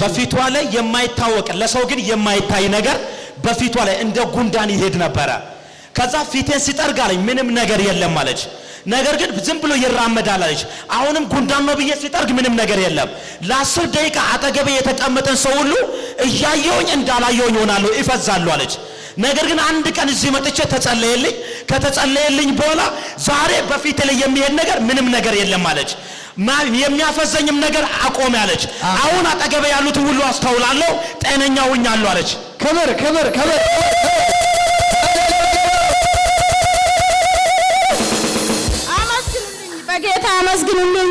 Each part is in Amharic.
በፊቷ ላይ የማይታወቅ ለሰው ግን የማይታይ ነገር በፊቷ ላይ እንደ ጉንዳን ይሄድ ነበረ። ከዛ ፊቴን ሲጠርግ አለኝ ምንም ነገር የለም አለች። ነገር ግን ዝም ብሎ ይራመዳል አለች። አሁንም ጉንዳን ነው ብዬ ሲጠርግ ምንም ነገር የለም። ለአስር ደቂቃ አጠገቤ የተቀመጠን ሰው ሁሉ እያየውኝ እንዳላየውኝ ሆናለሁ፣ ይፈዛሉ አለች። ነገር ግን አንድ ቀን እዚህ መጥቼ ተጸለየልኝ። ከተጸለየልኝ በኋላ ዛሬ በፊት ላይ የሚሄድ ነገር ምንም ነገር የለም አለች። የሚያፈዘኝም ነገር አቆም ያለች። አሁን አጠገበ ያሉት ሁሉ አስተውላለሁ፣ ጤነኛ ሆኛለሁ አለች። ክብር ክብር ክብር። በጌታ አመስግኑልኝ።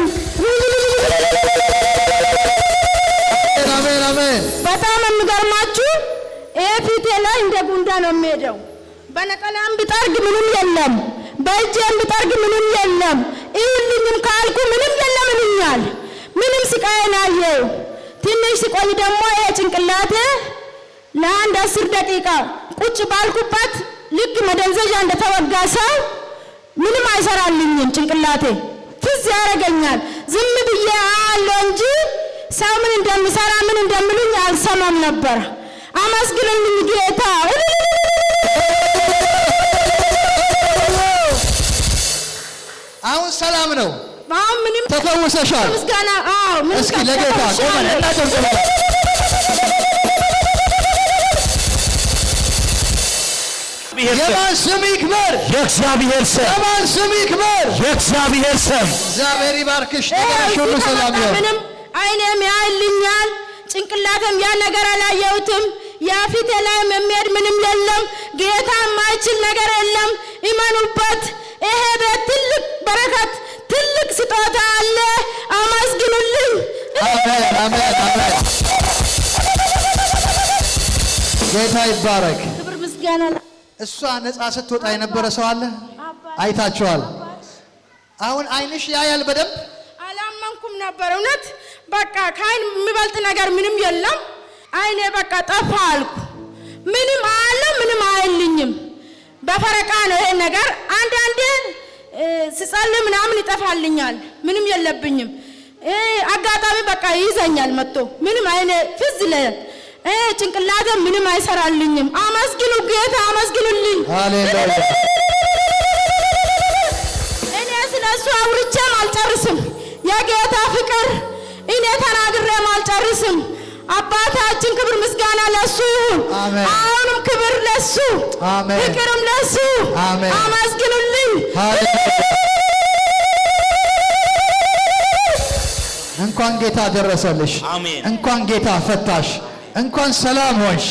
በጣም የሚገርማችሁ ይሄ ፊቴ ላይ እንደ ጉንዳ ነው የሚሄደው። በነቀላም ብጠርግ ምንም የለም፣ በእጄም ብጠርግ ምንም የለም። እዩልኝም ካልኩ ምንም የለምንኛል። ምንም ስቃዬን አየው። ትንሽ ስቆይ ደግሞ ይሄ ጭንቅላቴ ለአንድ አስር ደቂቃ ቁጭ ባልኩበት ልክ መደንዘዣ እንደተወጋ ሰው ምንም አይሰራልኝም። ጭንቅላቴ ትዝ ያደርገኛል። ዝም ብዬ አለው እንጂ ሰው ምን እንደሚሰራ ምን እንደምሉኝ አልሰማም ነበር። አመስግንልኝ ጌታ ሰላም ነው። አሁን ምንም ተፈውሰሻል። ምስጋና አዎ፣ እስኪ ለጌታ ቆመን እናጨብጭብ። የማን ስም ይክበር? የእግዚአብሔር ስም። የማን ስም ይክበር? የእግዚአብሔር ስም። እግዚአብሔር ይባርክሽ። ሰላም ምንም አይኔም ያይልኛል፣ ያ ነገር አላየሁትም። የፊቴ ላይም የሚሄድ ምንም የለም። ጌታ የማይችል ነገር የለም። ይመኑበት ይሄ አሜን፣ አሜን። ጌታ ይባረክ። እሷ ነፃ ስትወጣ የነበረ ሰው አለ አይታችኋል። አሁን አይንሽ ያያል በደንብ። አላመንኩም ነበር እውነት። በቃ ከአይን የሚበልጥ ነገር ምንም የለም። አይኔ በቃ ጠፋ አልኩ። ምንም አለ ምንም አይልኝም። በፈረቃ ነው ይሄን ነገር አንዳንዴ ስጸል ምናምን ይጠፋልኛል። ምንም የለብኝም አጋጣሚ በቃ ይዘኛል መጥቶ ምንም አይኔ ፍዝ ለየት ጭንቅላቴ ምንም አይሰራልኝም። አመስግኑ ጌታ አመስግኑልኝ። እኔ ስለ እሱ አውርቼም አልጨርስም። የጌታ ፍቅር እኔ ተናግሬም አልጨርስም። አባታችን ክብር ምስጋና ለሱ ይሁን። አሁንም ክብር ለሱ፣ ፍቅርም ለሱ። አመስግኑልኝ። እንኳን ጌታ ደረሰልሽ። እንኳን ጌታ ፈታሽ። እንኳን ሰላም ሆንሽ።